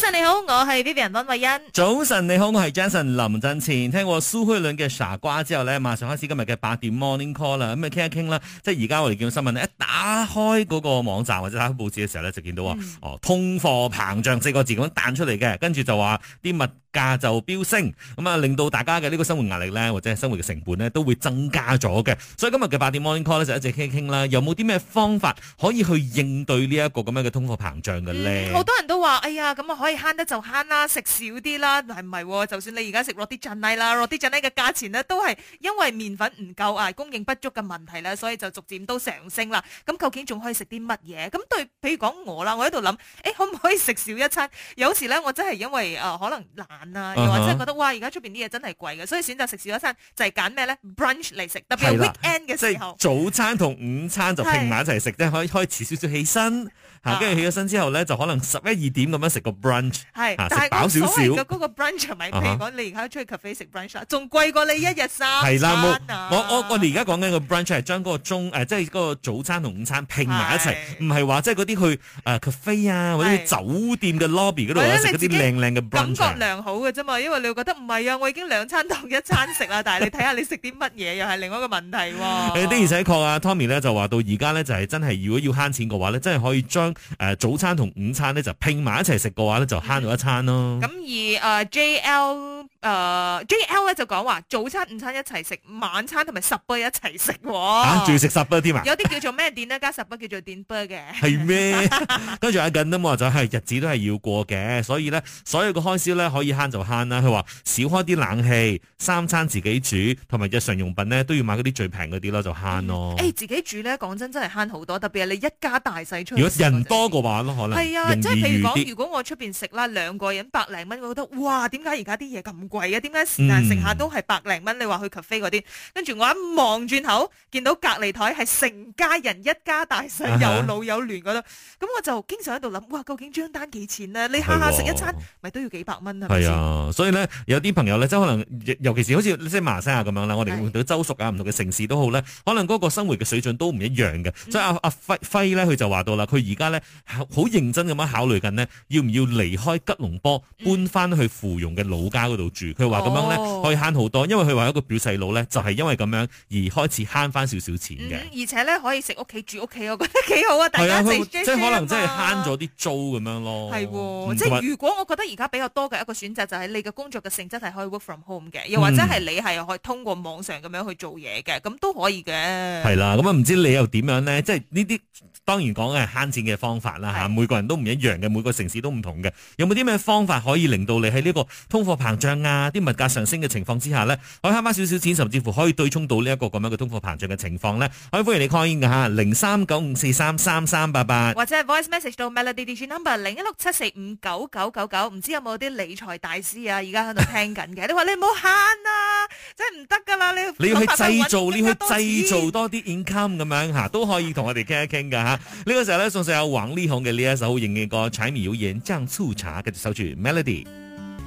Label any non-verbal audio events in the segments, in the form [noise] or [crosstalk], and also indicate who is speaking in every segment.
Speaker 1: 早晨你好，我係 Vivian 溫慧欣。
Speaker 2: 早晨你好，我係 Jason 林振前。聽過蘇輝倫嘅傻瓜之後咧，馬上開始今日嘅八點 morning call 啦。咁啊，傾一傾啦。即係而家我哋見到新聞呢一打開嗰個網站或者打開報紙嘅時候咧，就見到、嗯、哦，通貨膨脹四個字咁樣彈出嚟嘅，跟住就話啲物價就飆升，咁啊，令到大家嘅呢個生活壓力咧，或者係生活嘅成本咧，都會增加咗嘅。所以今日嘅八點 morning call 呢，就一直傾一傾啦。有冇啲咩方法可以去應對呢一個咁樣嘅通貨膨脹嘅咧？好、嗯、
Speaker 1: 多人都話，哎呀，咁啊可。慳得就慳啦，食少啲啦，係唔係？就算你而家食落啲印尼啦，落啲印尼嘅價錢咧，都係因為麵粉唔夠啊，供應不足嘅問題啦，所以就逐漸都上升啦。咁究竟仲可以食啲乜嘢？咁對，譬如講我啦，我喺度諗，誒，可唔可以食少一餐？有時咧，我真係因為啊，可能懶啊，又或者覺得哇，而家出邊啲嘢真係貴嘅，所以選擇食少一餐就係揀咩咧？brunch 嚟食，特別係 weekend 嘅時候，
Speaker 2: 早餐同午餐就拼埋一齊食，即係，可以開遲少少起身吓，跟住起咗身之後咧，就可能十一二點咁樣食個 brunch。係，食飽少少嗰個，
Speaker 1: 個 brunch 咪？譬如講，你而家出去 cafe 食 brunch，仲貴過你一日三餐啊！我我我
Speaker 2: 而家講緊個 brunch 係將嗰個中誒，即、呃、係、就是、個早餐同午餐拼埋一齊，唔係話即係嗰啲去誒 cafe 啊是或者酒店嘅 lobby 嗰度食嗰啲靚靚嘅 brunch，感覺
Speaker 1: 良好嘅啫嘛。因為你會覺得唔係啊，我已經兩餐同一餐食啦。 [laughs] 但係你睇下你食啲乜嘢，又係另外一個問題，啊。誒、欸，的而
Speaker 2: 且確啊，Tommy 咧就話到而家咧就係、是、真係，如果要慳錢嘅話咧，真係可以將誒、呃、早餐同午餐咧就拼埋一齊食嘅話。就慳咗一餐咯，嗯。咁
Speaker 1: 而誒 JL。Uh, J L 誒、呃、J L 咧就講話早餐、午餐一齊食，晚餐同埋 supper 一齊食住
Speaker 2: 食 supper 添啊？有
Speaker 1: 啲叫做咩 dinner 呢？加 supper 叫做 dinner 嘅。係
Speaker 2: 咩嗎？跟住喺緊都冇，就係日子都係要過嘅。所以咧，所有嘅開銷咧可以慳就慳啦。佢話少開啲冷氣，三餐自己煮，同埋日常用品咧都要買嗰啲最平嗰啲咯，就慳咯。誒，
Speaker 1: 自己煮咧，講真真係慳好多，特別係你一家大細出。如果人
Speaker 2: 多嘅話，咯可能。係啊，即係容易 譬如講，如
Speaker 1: 果我出邊食啦，兩個人百零蚊，我覺得哇，點解而家啲嘢咁？貴嘅，點解時時下都係百零蚊？你話去 cafe 嗰啲，跟住我一望轉頭，見到隔離台係成家人一家大細，有老有嫩，嗰度咁我就經常喺度諗，哇！究竟張單幾錢呢？你下下食一餐，咪都的要幾百蚊啊？係啊，
Speaker 2: 所以咧，有啲朋友咧，即係可能，尤其是好似即係馬來西亞咁樣啦，我哋換到州屬啊，唔同嘅城市都好咧，可能嗰個生活嘅水準都唔一樣嘅。所以阿阿輝輝咧，佢就話到啦，佢而家咧好認真咁樣考慮緊呢，要唔要離開吉隆坡，搬翻去芙蓉嘅老家嗰度住。佢話咁樣咧可以慳好多，哦、因為佢話一個表細佬咧就係因為咁樣而開始慳返少少少錢
Speaker 1: 嘅、嗯，而且咧可以食屋企住屋企，我覺得幾好啊！大家自己、啊、即係可能真係慳咗
Speaker 2: 啲租咁樣咯。係喎、哦，即係、
Speaker 1: 嗯、如果我覺得而家比較多嘅一個選擇就係你嘅工作嘅性質係可以 work from home 嘅，又或者係你係可以通過網上咁樣去做嘢嘅，咁都、嗯、可以嘅。係
Speaker 2: 啦、啊，咁啊唔知你又點樣咧？即係呢啲當然講嘅係慳錢嘅方法啦、啊、每個人都唔一樣嘅，每個城市都唔同嘅。有冇啲咩方法可以令到你喺呢個通貨膨脹、啊啲、啊、物價上升嘅情況之下咧，可以慳翻少少錢，甚至乎可以對沖到這這的的呢一個咁樣嘅通貨膨脹嘅情況咧。可以歡迎你 call in 噶吓，零三九五四三三三八八，或
Speaker 1: 者係 voice message 到 melody digital number 零一六七四五九九九九，唔知有冇啲理財大師啊，而家喺度聽緊嘅、 [laughs] 啊，你話你唔好慳啊，真係唔得噶啦，你你要去製造，你要去製造
Speaker 2: 多啲 income 咁樣吓、啊，都可以同我哋傾一傾噶吓。呢、啊、 [laughs] 個時候咧，仲有王力宏嘅呢一首好型嘅歌《柴米油鹽醬醋茶》嘅守住 melody。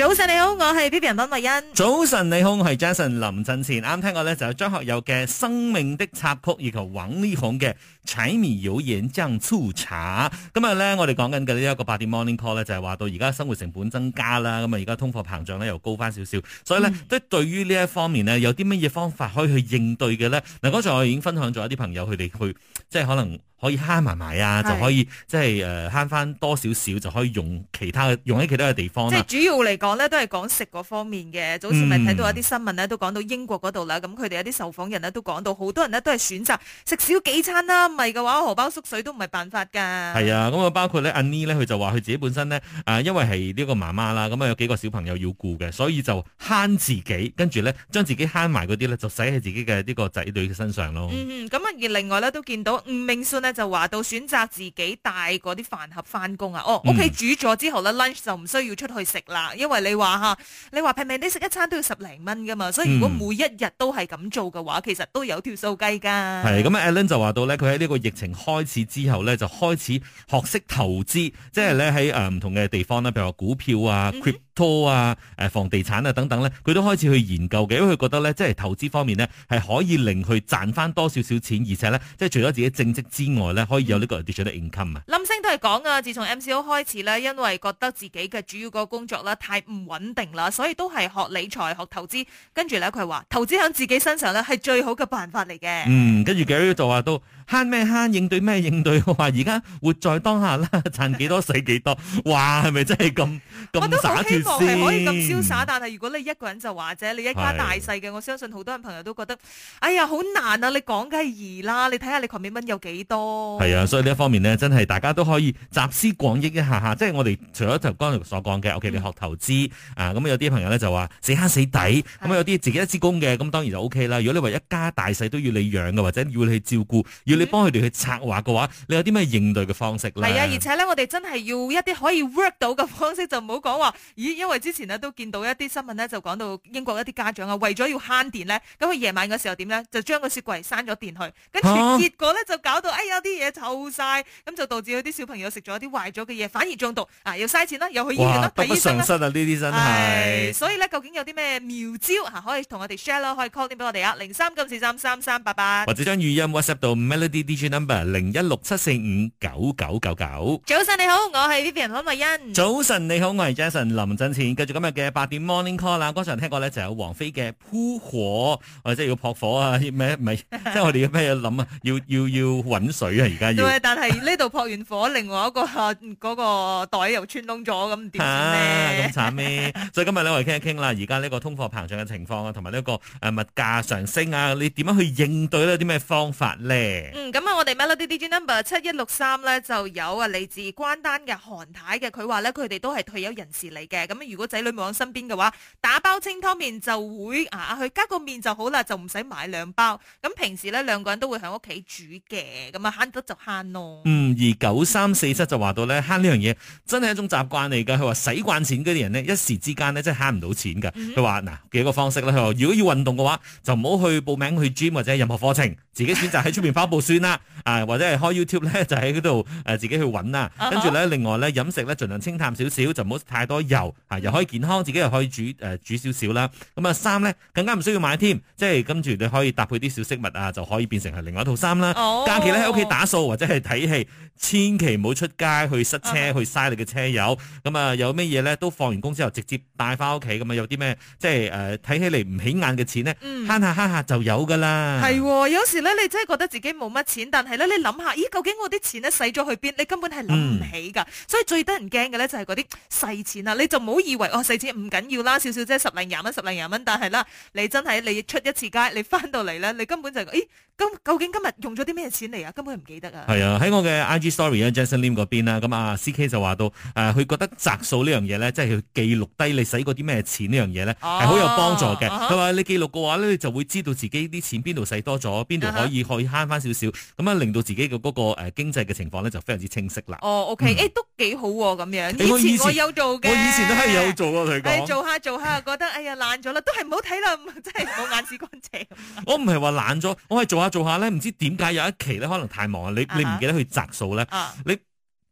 Speaker 1: 早晨你好，我係 B B 人董慧欣。
Speaker 2: 早晨你好，我係 Jason 林振前，啱聽過咧就有張、是、學友嘅生命的插曲，以求揾呢行嘅柴米油鹽醬醋茶。今日咧我哋講緊嘅呢一個八點 Morning Call 咧就係、是、話到而家生活成本增加啦，咁啊而家通貨膨脹咧又高翻少少，所以咧即、嗯、對於呢一方面咧有啲乜嘢方法可以去應對嘅咧嗱，剛才我已經分享咗一啲朋友佢哋去即係可能。可以慳埋埋啊，是就可以即係誒慳翻多少少就可以用其他嘅用喺其他嘅地方。即係主
Speaker 1: 要嚟講咧，都係講食嗰方面嘅。早前咪睇到一啲新聞咧，都講到英國嗰度啦。咁佢哋有啲受訪人咧都講到，好多人咧都係選擇食少幾餐啦，唔係嘅話荷包縮水都唔係辦法㗎。係啊，
Speaker 2: 咁啊包括咧阿妮咧，佢就話佢自己本身咧啊、呃，因為係呢個媽媽啦，咁、嗯、啊有幾個小朋友要顧嘅，所以就慳自己，跟住咧將自己慳埋嗰啲咧就使喺自己嘅呢個仔女嘅身上咯。嗯
Speaker 1: 咁啊而另外咧都見到吳、嗯、明信。就話到選擇自己帶嗰啲飯盒翻工啊，哦，屋企煮咗之後咧、嗯、lunch 就唔需要出去食啦，因為你話吓，你話平平地食一餐都要十零蚊噶嘛，所以如果每一日都係咁做嘅話，嗯、其實都有條數計噶。係
Speaker 2: 咁啊，Alan 就話到咧，佢喺呢個疫情開始之後咧，就開始學識投資，嗯、即係咧喺誒唔同嘅地方咧，譬如話股票啊、crypto 啊、誒房地產啊等等咧，佢、嗯嗯、都開始去研究嘅，因為佢覺得咧，即係投資方面呢，係可以令佢賺翻多少少錢，而且咧即係除咗自己正職之外。外咧可以有呢個 additional income
Speaker 1: 啊，林星都係講啊，自從 MCO 開始咧，因為覺得自己嘅主要個工作咧太唔穩定啦，所以都係學理財、學投資，跟住咧佢係話投資喺自己身上咧係最好嘅辦法嚟嘅。嗯，
Speaker 2: 跟住嘅度話都。
Speaker 1: 慳咩慳？應
Speaker 2: 對咩應對？我話而家活在當下啦，賺幾多死幾 [laughs] 多。哇，係咪真係咁？咁我都好希望係可以咁瀟灑，但
Speaker 1: 係如果你一個人就或者你一家大細嘅，的我相信好多人朋友都覺得，哎呀好難啊！你講梗係易啦，你睇下你窮屘蚊有幾多？係
Speaker 2: 啊，所以呢一方面呢，真係大家都可以集思廣益一下吓。即係我哋除咗就剛才所講嘅，O K，你學投資、嗯、啊，咁、嗯、有啲朋友咧就話死慳死底，咁的、嗯、有啲自己一支工嘅，咁當然就 O K 啦。如果你話一家大細都要你養嘅，或者要你去照顧要。嗯、你幫佢哋去策劃嘅話，你有啲咩應對嘅方式咧？係啊，而
Speaker 1: 且咧，我哋真係要一啲可以 work 到嘅方式，就唔好講話。咦，因為之前咧都見到一啲新聞咧，就講到英國一啲家長啊，為咗要慳電咧，咁佢夜晚嘅時候點咧，就將個雪櫃閂咗電去，跟住結果咧就搞到哎有啲嘢臭晒，咁就導致有啲小朋友食咗啲壞咗嘅嘢，反而中毒啊，又嘥錢啦、啊，又去醫院啦，得不償失啊！
Speaker 2: 呢啲哇、啊啊、真係、哎。所
Speaker 1: 以咧，究竟有啲咩妙招嚇、啊、可以同我哋 share 咯？可以 call 啲俾我哋啊，零三九四三三三八八，或
Speaker 2: 者將語音 WhatsApp 到。呢啲 DJ number 零一六七四五九九九九。
Speaker 1: 早晨你好，我係 Vivian 林麗欣。
Speaker 2: 早晨你好，我係 Jason 林振前。繼續今日嘅八點 morning call 啦。剛才聽過咧，就有王菲嘅撲火，或者要撲火啊，咩唔係？即係我哋要咩嘢諗啊？要要要揾水啊！而家要。 [laughs] [laughs] 但
Speaker 1: 係呢度撲完火，另外一個吓、啊那個袋又穿窿咗，咁點
Speaker 2: 咧？咁、啊、慘咩？ [laughs] 所以今日咧我哋傾一傾啦，而家呢個通貨膨脹嘅情況啊，同埋呢個誒物價上升啊，你點樣去應對呢啲咩方法咧？
Speaker 1: 嗯，咁啊，我哋 my little DJ number 七一六三咧，就有啊，嚟自關丹嘅韓太嘅，佢話咧，佢哋都係退休人士嚟嘅。咁如果仔女冇喺身邊嘅話，打包清湯麵就會啊，去加個麵就好啦，就唔使買兩包。咁平時咧，兩個人都會喺屋企煮嘅，咁啊慳得就慳咯。
Speaker 2: 嗯，而九三四七就話到咧慳呢樣嘢，真係一種習慣嚟噶。佢話使慣錢嗰啲人呢，一時之間呢，真係慳唔到錢噶。佢話嗱幾個方式啦，佢話如果要運動嘅話，就唔好去報名去 gym 或者任何課程。自己選擇喺出面跑步算啦。 [laughs] 啊，或者係開 YouTube 咧，就喺嗰度誒自己去揾啦，啊。跟住咧，另外咧飲食咧盡量清淡少少，就唔好太多油，啊、又可以健康，自己又可以煮，呃、煮少少啦。咁啊，衫咧更加唔需要買添，即係跟住你可以搭配啲小飾物啊，就可以變成係另外一套衫啦。哦，假期咧喺屋企打掃或者係睇戲，千祈唔好出街去塞車去嘥你嘅車油。咁啊，啊，有咩嘢咧都放完工之後直接帶返屋企。咁啊，有啲咩即係誒睇起嚟唔起眼嘅錢咧，慳下慳下，下就有㗎啦。係
Speaker 1: 喎，嗯，有時咧你真係覺得自己冇乜錢，但係啦，你諗下，咦？究竟我啲錢咧使咗去邊？你根本係諗唔起噶。嗯、所以最得人驚嘅咧就係嗰啲細錢啊！你就唔好以為哦，細錢唔緊要啦，少少啫，十零廿蚊，十零廿蚊。但係啦，你真係你出一次街，你翻到嚟咧，你根本就誒、係，咁究竟今日用咗啲咩錢嚟啊？根本唔記得
Speaker 2: 啊！係啊，喺我嘅 IG Story 咧，Justin Lim 嗰邊啦。咁啊，CK 就話到誒，佢、啊、覺得擇數呢樣嘢咧， [laughs] 即係去記錄低你使過啲咩錢呢樣嘢咧，係好、啊、有幫助嘅。係嘛、uh huh.，你記錄嘅話咧，你就會知道自己啲錢邊度使多咗，邊度可以可以慳翻少少。咁、uh huh. 啊。令到自己嘅嗰個誒經濟嘅情況咧，就非常之清晰啦。哦、
Speaker 1: oh，OK，誒、嗯欸、都幾好喎、啊，咁樣。以前，以前我有做嘅，我以前
Speaker 2: 都係有做嘅。嚟講，做
Speaker 1: 下做下覺得，哎呀，懶咗啦，都係唔好睇啦， [laughs] 真係冇眼屎乾淨 [laughs] 我
Speaker 2: 不。我唔係話懶咗，我係做下做下咧，唔知點解有一期咧，可能太忙啊。你你唔記得去摘數咧？Uh huh. uh huh. 你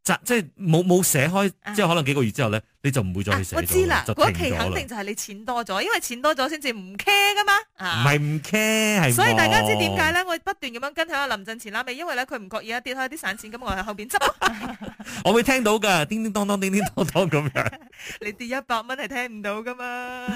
Speaker 2: 摘，即係冇冇寫開，即係可能幾個月之後咧。Uh huh. 你就唔會再寫到，嗰一期肯定就
Speaker 1: 係你錢多咗，因為錢多咗先至唔 care 噶嘛。唔係
Speaker 2: 唔 care，係，所以大家知點解咧？
Speaker 1: 我不斷咁樣跟響阿林鄭前拉咪，因為咧，佢唔覺意一跌，開啲散錢，咁我喺後邊執。
Speaker 2: 我會聽到噶，叮叮當當，叮叮當當咁樣。
Speaker 1: 你跌一百蚊係聽唔到噶嘛？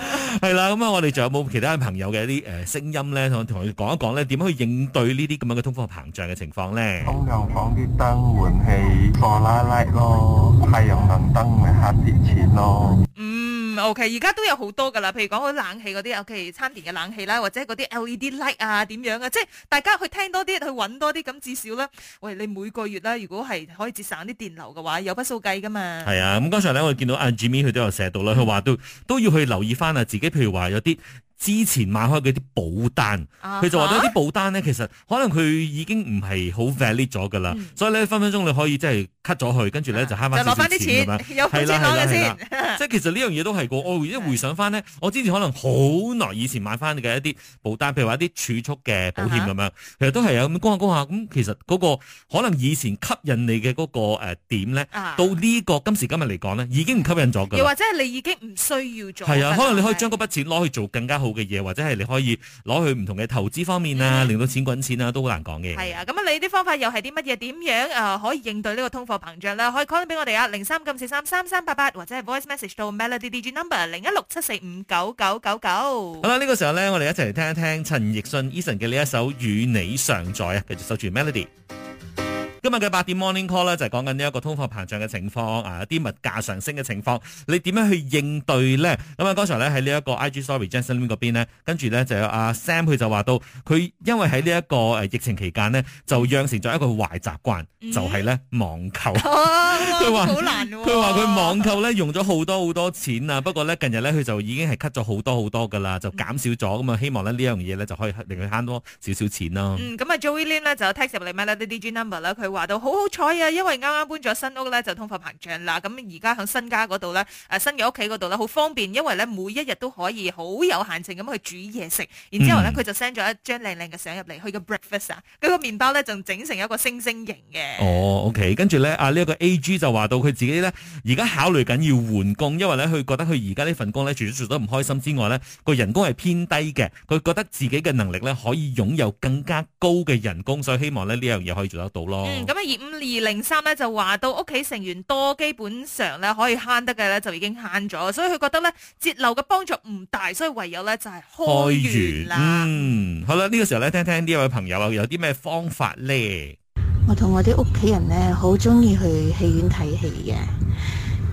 Speaker 2: 係啦，咁啊，我哋仲有冇其他朋友嘅一啲誒聲音咧？同佢講一講咧，點樣去應對呢啲咁樣嘅通貨膨脹嘅情況咧？空調房，啲燈換氣，哆啦拉咯，太陽能燈咪
Speaker 1: 咯，嗯，OK，而家都有好多噶啦，譬如講好冷氣嗰啲，尤其參電嘅冷氣啦，或者嗰啲 LED light 啊，點樣啊，即係大家去聽多啲，去揾多啲，咁至少啦。喂，你每個月啦，如果係可以節省啲電流嘅話，有筆數計噶嘛。係
Speaker 2: 啊，咁、嗯、剛才咧，我見到阿 Jimmy 佢都有寫到啦，佢話都都要去留意翻啊，自己譬如話有啲。之前買開嗰啲保單，佢、uh huh? 就話咗啲保單咧其實可能佢已經唔係好 valid 咗㗎啦，uh huh. 所以咧分分鐘你可以即係 cut 咗佢，跟住咧就慳翻啲錢，有錢攞嘅先。即係其實呢樣嘢都係個，我、哦、一回想翻呢，我之前可能好耐以前買翻嘅一啲保單，譬如話一啲儲蓄嘅保險咁樣，uh huh. 其實都係有咁高下高下，咁其實嗰個可能以前吸引你嘅嗰個誒點咧，uh huh. 到呢、呢個今時今日嚟講咧，已經唔吸引咗㗎，又、uh huh. 或者
Speaker 1: 係你已經唔需要做。係啊，可能你可以將
Speaker 2: 嗰筆錢攞去做更加好嘅嘢，或者係你可以攞去唔同嘅投資方面啊，令到錢滾錢啊，都好難講嘅。係啊，
Speaker 1: 咁啊，你啲方法又係啲乜嘢？點樣啊、呃，可以應對呢個通貨膨脹咧？可以 call 俾我哋啊，零三九四三三三八八，88, 或者係 voice message 到 Melody D J number 零一六七四五九九九九。99 99
Speaker 2: 好啦，呢、這個時候咧，我哋一齊嚟聽一聽陳奕迅 Eason 嘅呢一首《與你常在》啊，繼續守住 Melody。今日嘅八點 morning call 咧就係講緊呢一個通貨膨脹嘅情況，啊啲物價上升嘅情況，你點樣去應對咧？咁啊，剛才咧喺呢一個 IG story Justin 嗰邊咧，跟住咧就有阿 Sam 佢就話到，佢因為喺呢一個疫情期間咧，就養成咗一個壞習慣，就係、是、咧網購。
Speaker 1: 佢話
Speaker 2: 佢話佢網購咧用咗好多好多錢啊，不過咧近日咧佢就已經係 cut 咗好多好多㗎喇，就減少咗。咁啊，希望呢呢樣嘢咧就可以令佢慳多少少錢咯。咁啊、嗯、
Speaker 1: Joey Lim 就有 text 嚟 my little DJ number 啦，話到好好彩啊，因為啱啱搬咗新屋咧，就通貨膨脹啦。咁而家喺新家嗰度咧，誒、啊、新嘅屋企嗰度咧，好方便，因為咧每一日都可以好有閒情咁去煮嘢食。然之後咧，佢、嗯、就 send 咗一張靚靚嘅相入嚟，去個 breakfast 啊，佢個麵包咧就整成一個星星形嘅。
Speaker 2: 哦，OK。跟住咧，啊呢一個 A.G 就話到佢自己咧，而家考慮緊要換工，因為咧佢覺得佢而家呢份工咧，除咗做得唔開心之外咧，個人工係偏低嘅，佢覺得自己嘅能力咧可以擁有更加高嘅人工，所以希望咧呢樣嘢、這個、可以做得到咯。
Speaker 1: 咁啊，二五二零三咧就話到屋企成員多，基本上咧可以慳得嘅咧就已經慳咗，所以佢覺得咧節流嘅幫助唔大，所以唯有咧就係開源。嗯，
Speaker 2: 好啦，呢個時候咧聽聽呢位朋友有啲咩方法咧？
Speaker 1: 我同我啲屋企人咧好中意去戲院睇戲嘅。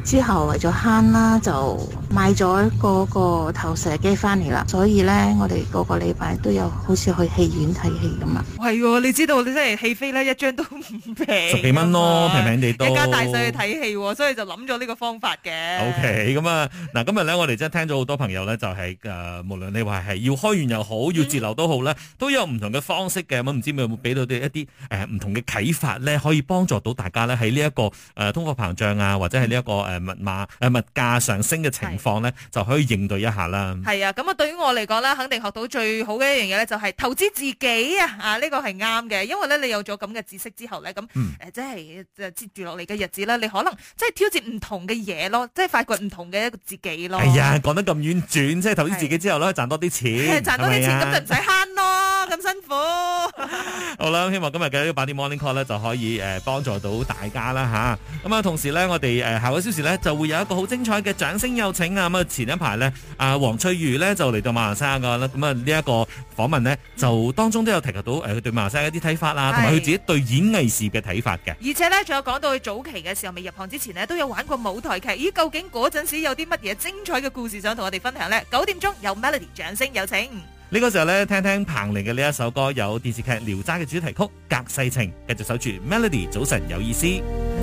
Speaker 1: 之後為咗慳啦，就買咗嗰個投射機翻嚟啦，所以咧，我哋個個禮拜都有好似去戲院睇戲咁啊。係喎、哦，你知道你真係戲飛咧，一張都唔平，十幾蚊咯，平平地都一家大細去睇戲喎，所以就諗咗呢個方法嘅。OK，
Speaker 2: 咁啊，嗱今日咧，我哋真係聽咗好多朋友咧、就是，就係誒，無論你話係要開源又好，要節流都好咧，嗯、都有唔同嘅方式嘅。咁唔知你有冇俾到啲一啲誒唔同嘅啟發咧，可以幫助到大家咧喺呢一個誒、呃、通貨膨脹啊，或者係呢一個誒。呃物價誒物價上升嘅情況咧，是就可以應對一下啦。
Speaker 1: 係啊，咁啊，對於我嚟講咧，肯定學到最好嘅一樣嘢咧，就係投資自己啊！啊，呢、這個係啱嘅，因為咧你有咗咁嘅知識之後咧，咁誒、嗯呃，即係接住落嚟嘅日子咧，你可能即係挑戰唔同嘅嘢咯，即係發掘唔同嘅一個自己咯。係啊、哎，
Speaker 2: 講得咁婉轉，即係投資自己之後咧，賺多啲錢，賺多啲錢咁、啊、就唔
Speaker 1: 使慳。 [laughs] 咁辛苦，
Speaker 2: [laughs] 好啦，希望今日嘅呢八點 morning call 咧就可以誒幫、呃、助到大家啦吓。咁啊，同時咧，我哋誒、呃、下個小時咧就會有一個好精彩嘅掌聲有請啊。咁啊，前一排咧，阿黃翠如咧就嚟到馬來西亞噶啦。咁啊，這個、訪呢一個訪問咧，就當中都有提及到誒，佢、呃、對馬來西亞一啲睇法啦、啊，同埋佢自己對演藝事嘅睇法嘅。而
Speaker 1: 且咧，仲有講到佢早期嘅時候未入行之前呢，都有玩過舞台劇。咦，究竟嗰陣時有啲乜嘢精彩嘅故事想同我哋分享咧？九點鐘有 Melody 掌聲有請。
Speaker 2: 呢個時候咧，聽聽彭羚嘅呢一首歌，有電視劇《聊齋》嘅主題曲《隔世情》，繼續守住 Melody，早晨有意思。